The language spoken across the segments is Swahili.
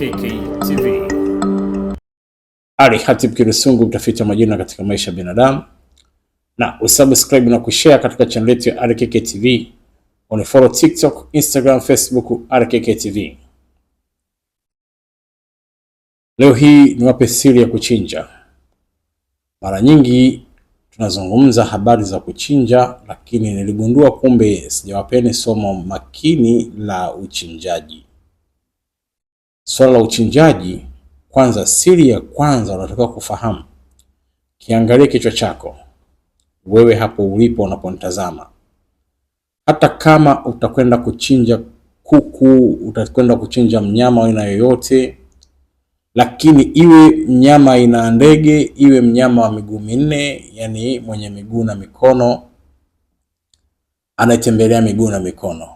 KKTV. Ali Hatib Kirusungu, mtafiti wa majina katika maisha ya binadamu, na usubscribe na kushare katika channel yetu ya RKKTV. Unifollow TikTok, Instagram, Facebook RKKTV. Leo hii niwape siri ya kuchinja. Mara nyingi tunazungumza habari za kuchinja, lakini niligundua kumbe sijawapeni somo makini la uchinjaji. Swala la uchinjaji, kwanza, siri ya kwanza unatakiwa kufahamu, kiangalie kichwa chako wewe hapo ulipo unaponitazama. Hata kama utakwenda kuchinja kuku, utakwenda kuchinja mnyama aina yoyote, lakini iwe mnyama aina ndege, iwe mnyama wa miguu minne, yani mwenye miguu na mikono, anayetembelea miguu na mikono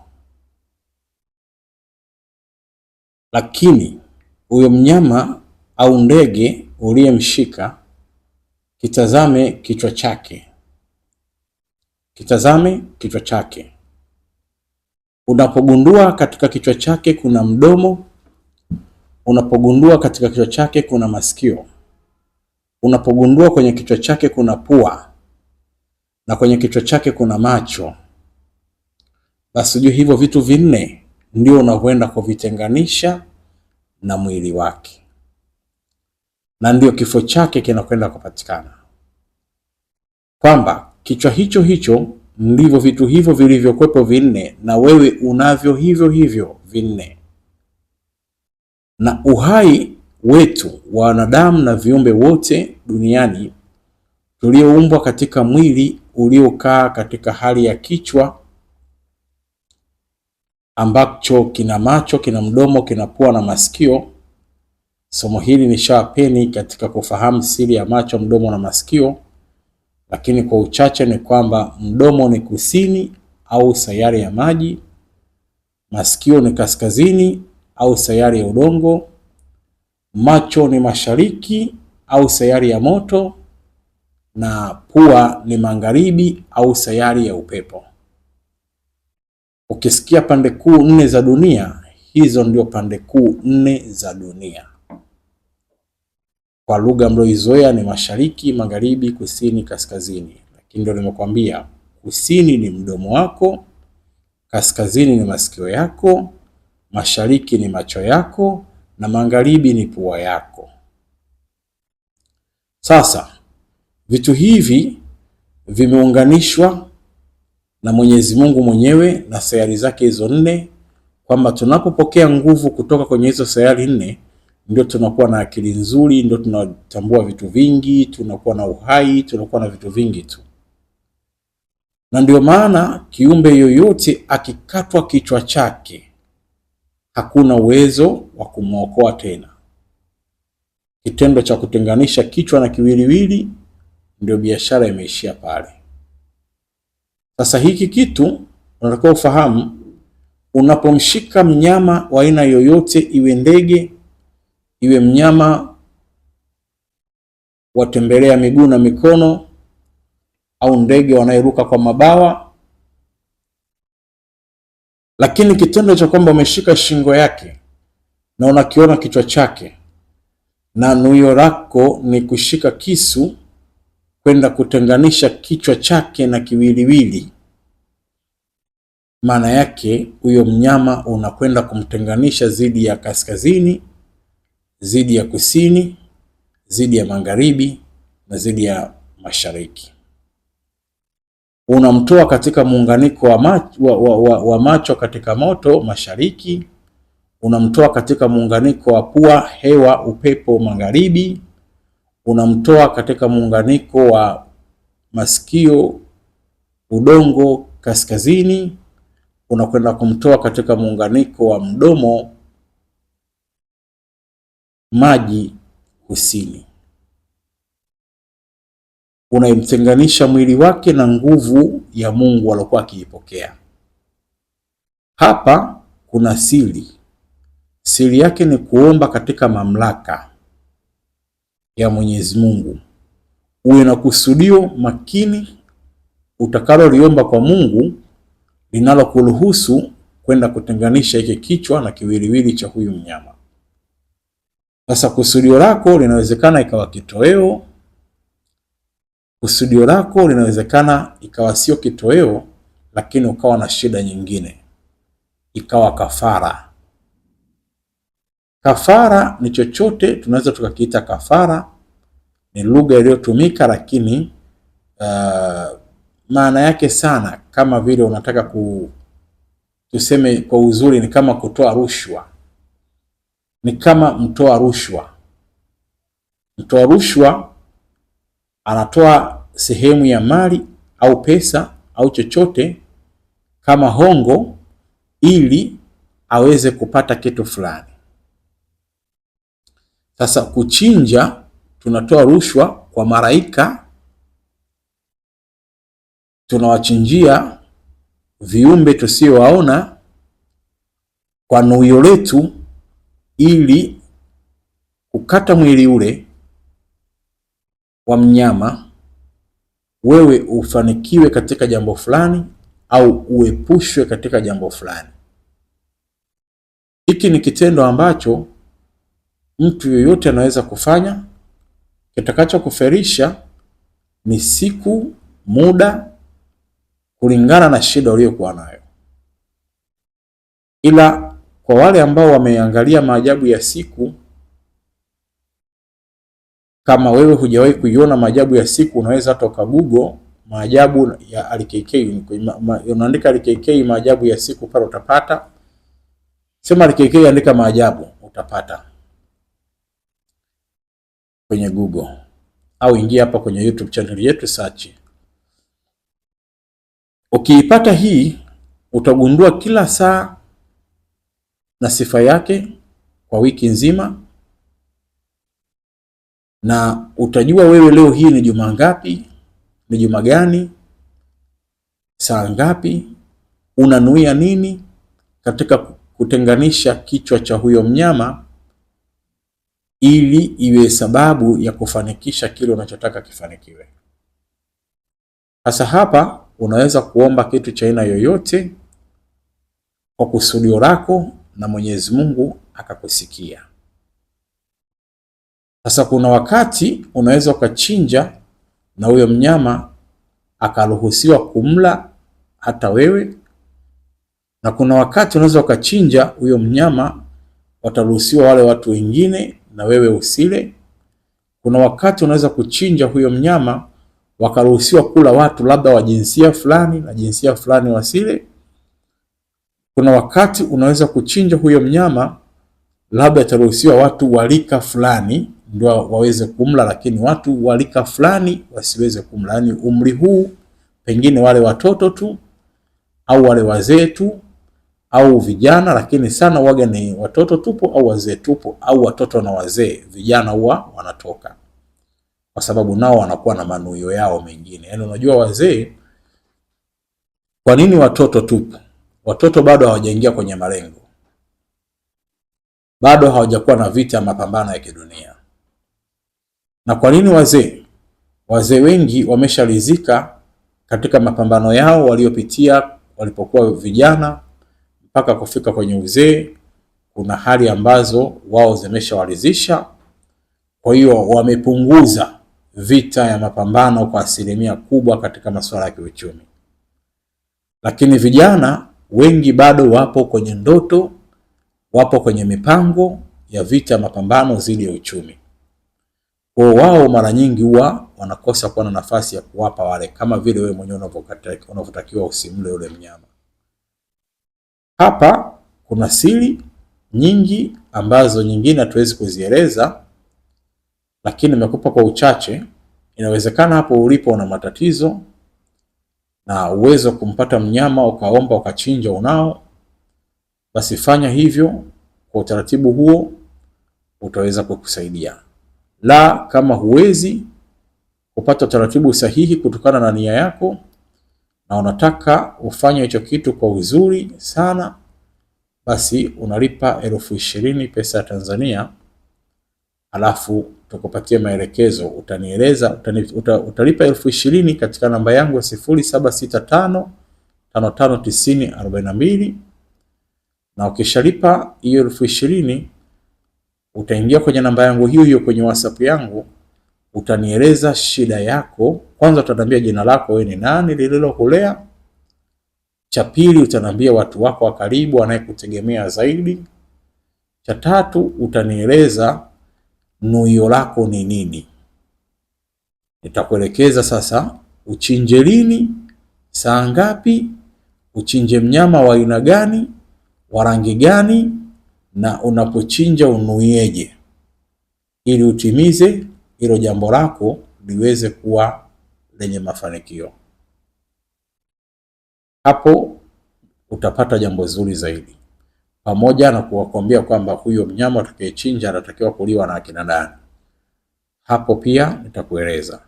lakini huyo mnyama au ndege uliyemshika kitazame kichwa chake, kitazame kichwa chake. Unapogundua katika kichwa chake kuna mdomo, unapogundua katika kichwa chake kuna masikio, unapogundua kwenye kichwa chake kuna pua na kwenye kichwa chake kuna macho, basi juu hivyo vitu vinne ndio unavyoenda kuvitenganisha na mwili wake, na ndiyo kifo chake kinakwenda kupatikana, kwamba kichwa hicho hicho ndivyo vitu hivyo vilivyokwepo vinne, na wewe unavyo hivyo hivyo vinne. Na uhai wetu wa wanadamu na viumbe wote duniani tulioumbwa katika mwili uliokaa katika hali ya kichwa ambacho kina macho, kina mdomo, kina pua na masikio. Somo hili nishawapeni katika kufahamu siri ya macho, mdomo na masikio, lakini kwa uchache ni kwamba mdomo ni kusini au sayari ya maji, masikio ni kaskazini au sayari ya udongo, macho ni mashariki au sayari ya moto, na pua ni magharibi au sayari ya upepo. Ukisikia pande kuu nne za dunia, hizo ndio pande kuu nne za dunia. Kwa lugha mloizoea ni mashariki, magharibi, kusini, kaskazini. Lakini ndio nimekwambia, kusini ni mdomo wako, kaskazini ni masikio yako, mashariki ni macho yako, na magharibi ni pua yako. Sasa vitu hivi vimeunganishwa na Mwenyezi Mungu mwenyewe na sayari zake hizo nne, kwamba tunapopokea nguvu kutoka kwenye hizo sayari nne ndio tunakuwa na akili nzuri, ndio tunatambua vitu vingi, tunakuwa na uhai, tunakuwa na vitu vingi tu. Na ndio maana kiumbe yoyote akikatwa kichwa chake hakuna uwezo wa kumwokoa tena. Kitendo cha kutenganisha kichwa na kiwiliwili, ndio biashara imeishia pale. Sasa hiki kitu unatakiwa ufahamu, unapomshika mnyama wa aina yoyote, iwe ndege, iwe mnyama watembelea miguu na mikono, au ndege wanayeruka kwa mabawa, lakini kitendo cha kwamba umeshika shingo yake na unakiona kichwa chake na nuyo lako ni kushika kisu kwenda kutenganisha kichwa chake na kiwiliwili. Maana yake huyo mnyama unakwenda kumtenganisha zidi ya kaskazini, zidi ya kusini, zidi ya magharibi na zidi ya mashariki. Unamtoa katika muunganiko wa wa, wa, wa, wa macho katika moto mashariki. Unamtoa katika muunganiko wa pua, hewa, upepo magharibi unamtoa katika muunganiko wa masikio udongo kaskazini, unakwenda kumtoa katika muunganiko wa mdomo maji kusini. Unaimtenganisha mwili wake na nguvu ya Mungu aliokuwa akiipokea. Hapa kuna siri, siri yake ni kuomba katika mamlaka ya Mwenyezi Mungu, uwe na kusudio makini utakaloliomba kwa Mungu linalokuruhusu kwenda kutenganisha hiki kichwa na kiwiliwili cha huyu mnyama. Sasa kusudio lako linawezekana ikawa kitoweo, kusudio lako linawezekana ikawa sio kitoweo, lakini ukawa na shida nyingine, ikawa kafara. Kafara ni chochote, tunaweza tukakiita kafara, ni lugha iliyotumika lakini uh, maana yake sana kama vile unataka ku, tuseme kwa uzuri, ni kama kutoa rushwa, ni kama mtoa rushwa. Mtoa rushwa anatoa sehemu ya mali au pesa au chochote kama hongo, ili aweze kupata kitu fulani. Sasa kuchinja, tunatoa rushwa kwa maraika tunawachinjia viumbe tusiowaona kwa nuyo letu, ili kukata mwili ule wa mnyama, wewe ufanikiwe katika jambo fulani au uepushwe katika jambo fulani. Hiki ni kitendo ambacho mtu yoyote anaweza kufanya. Kitakacho kuferisha ni siku, muda, kulingana na shida uliyokuwa nayo. Ila kwa wale ambao wameangalia maajabu ya siku, kama wewe hujawahi kuiona maajabu ya siku, unaweza hata Google maajabu ya RKK, unaandika RKK maajabu ya siku pale utapata. Sema RKK, andika maajabu utapata kwenye Google au ingia hapa kwenye YouTube channel yetu search. Ukiipata hii utagundua kila saa na sifa yake kwa wiki nzima, na utajua wewe leo hii ni juma ngapi, ni juma gani, saa ngapi, unanuia nini katika kutenganisha kichwa cha huyo mnyama ili iwe sababu ya kufanikisha kile unachotaka kifanikiwe. Sasa hapa unaweza kuomba kitu cha aina yoyote kwa kusudio lako na Mwenyezi Mungu akakusikia. Sasa kuna wakati unaweza ukachinja na huyo mnyama akaruhusiwa kumla hata wewe, na kuna wakati unaweza ukachinja huyo mnyama wataruhusiwa wale watu wengine na wewe usile. Kuna wakati unaweza kuchinja huyo mnyama wakaruhusiwa kula watu labda wa jinsia fulani na jinsia fulani wasile. Kuna wakati unaweza kuchinja huyo mnyama labda ataruhusiwa watu walika fulani ndio waweze kumla, lakini watu walika fulani wasiweze kumla, yaani umri huu, pengine wale watoto tu au wale wazee tu au vijana, lakini sana waga ni watoto tupo au wazee tupo, au watoto na wazee. Vijana huwa wanatoka kwa sababu nao wanakuwa na manuio yao mengine. Yaani unajua wazee, kwa nini watoto tupo? Watoto bado hawajaingia kwenye malengo, bado hawajakuwa na vita ya mapambano ya kidunia. Na kwa nini wazee? Wazee wengi wameshalizika katika mapambano yao waliopitia walipokuwa vijana mpaka kufika kwenye uzee. Kuna hali ambazo wao zimeshawaridhisha, kwa hiyo wamepunguza vita ya mapambano kwa asilimia kubwa katika masuala ya kiuchumi. Lakini vijana wengi bado wapo kwenye ndoto, wapo kwenye mipango ya vita ya mapambano dhidi ya uchumi. Kwa wao mara nyingi huwa wanakosa kuwa na nafasi ya kuwapa wale, kama vile wewe mwenyewe unavyotakiwa usimle yule mnyama. Hapa kuna siri nyingi ambazo nyingine hatuwezi kuzieleza, lakini nimekupa kwa uchache. Inawezekana hapo ulipo una matatizo na uwezo wa kumpata mnyama ukaomba ukachinja unao, basi fanya hivyo kwa utaratibu huo, utaweza kukusaidia. La, kama huwezi kupata utaratibu sahihi kutokana na nia yako na unataka ufanye hicho kitu kwa uzuri sana, basi unalipa elfu ishirini pesa ya Tanzania, alafu tukupatie maelekezo, utanieleza utani, uta, utalipa elfu ishirini katika namba yangu ya sifuri saba sita tano tano tano tisini arobaini na mbili na ukishalipa hiyo elfu ishirini utaingia kwenye namba yangu hiyo hiyo kwenye WhatsApp yangu utanieleza shida yako. Kwanza utaniambia jina lako, wewe ni nani lililokulea. Cha pili utaniambia watu wako wa karibu, anayekutegemea zaidi. Cha tatu utanieleza nuio lako ni nini. Nitakuelekeza sasa uchinje lini, saa ngapi, uchinje mnyama wa aina gani, wa rangi gani, na unapochinja unuieje, ili utimize hilo jambo lako liweze kuwa lenye mafanikio. Hapo utapata jambo zuri zaidi, pamoja na kuwakwambia kwamba huyo mnyama utakayechinja anatakiwa kuliwa na akina nani. Hapo pia nitakueleza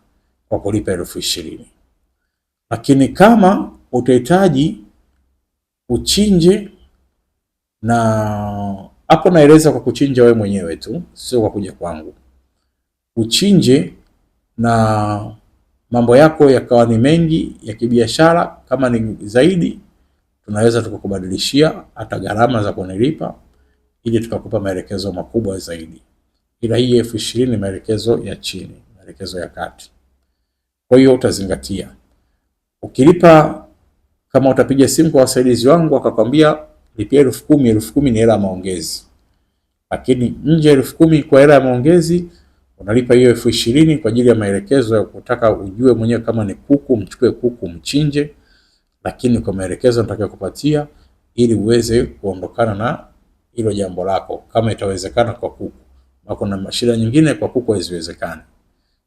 kwa kulipa elfu ishirini. Lakini kama utahitaji uchinje, na hapo naeleza kwa kuchinja wewe mwenyewe tu, sio kwa kuja kwangu uchinje na mambo yako yakawa ni mengi ya kibiashara. Kama ni zaidi, tunaweza tukakubadilishia hata gharama za kunilipa ili tukakupa maelekezo makubwa zaidi, ila hii elfu ishirini ni maelekezo ya chini, maelekezo ya kati. Kwa hiyo utazingatia ukilipa, kama utapiga simu kwa wasaidizi wangu akakwambia lipia elfu kumi elfu kumi ni hela ya maongezi, lakini nje elfu kumi kwa hela ya maongezi Unalipa hiyo elfu ishirini kwa ajili ya maelekezo ya kutaka ujue mwenyewe kama ni kuku, mchukue kuku mchinje, lakini kwa maelekezo nataka kupatia ili uweze kuondokana na hilo jambo lako, kama itawezekana kwa kuku. Na kuna shida nyingine kwa kuku haziwezekani,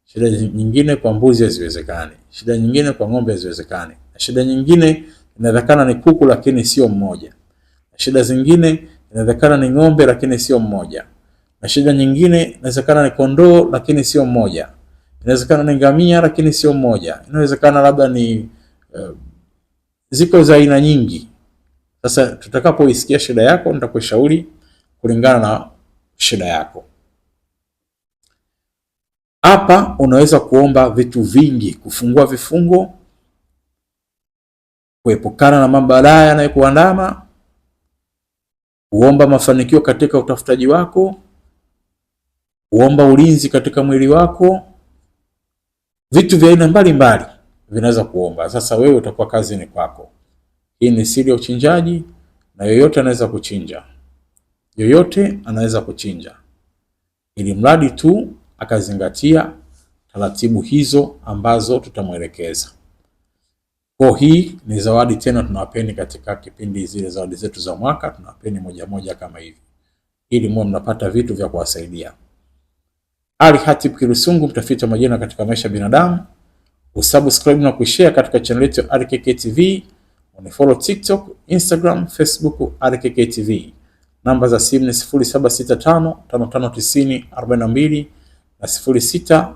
shida nyingine kwa mbuzi haziwezekani, shida nyingine kwa ng'ombe haziwezekani, na shida nyingine inawezekana ni kuku lakini sio mmoja, na shida zingine inawezekana ni ng'ombe lakini sio mmoja na shida nyingine inawezekana ni kondoo lakini sio mmoja, inawezekana ni ngamia lakini sio mmoja, inawezekana labda ni uh, ziko za aina nyingi. Sasa tutakapoisikia shida yako, nitakushauri kulingana na shida yako. Hapa unaweza kuomba vitu vingi, kufungua vifungo, kuepukana na mabalaa yanayokuandama, kuomba mafanikio katika utafutaji wako kuomba ulinzi katika mwili wako. Vitu vya aina mbalimbali vinaweza kuomba. Sasa wewe utakuwa kazi ni kwako. Hii ni siri ya uchinjaji, na yoyote anaweza kuchinja, yoyote anaweza kuchinja, ili mradi tu akazingatia taratibu hizo ambazo tutamwelekeza. Kwa hii ni zawadi tena, tunawapeni katika kipindi zile zawadi zetu za mwaka, tunawapeni moja moja kama hivi, ili muwe mnapata vitu vya kuwasaidia. Ali Hatib Kirusungu, mtafiti wa majina katika maisha ya binadamu. Usubscribe na kushare katika channel yetu ya RKK TV. Unifollow TikTok, Instagram, Facebook RKK TV. Namba za simu ni 0765 na 06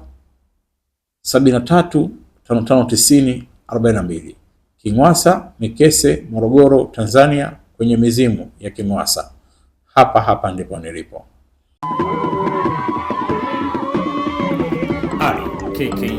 73 5590 42. Kimwasa Mikese, Morogoro, Tanzania, kwenye mizimu ya Kimwasa. Hapa hapa ndipo nilipo. okay.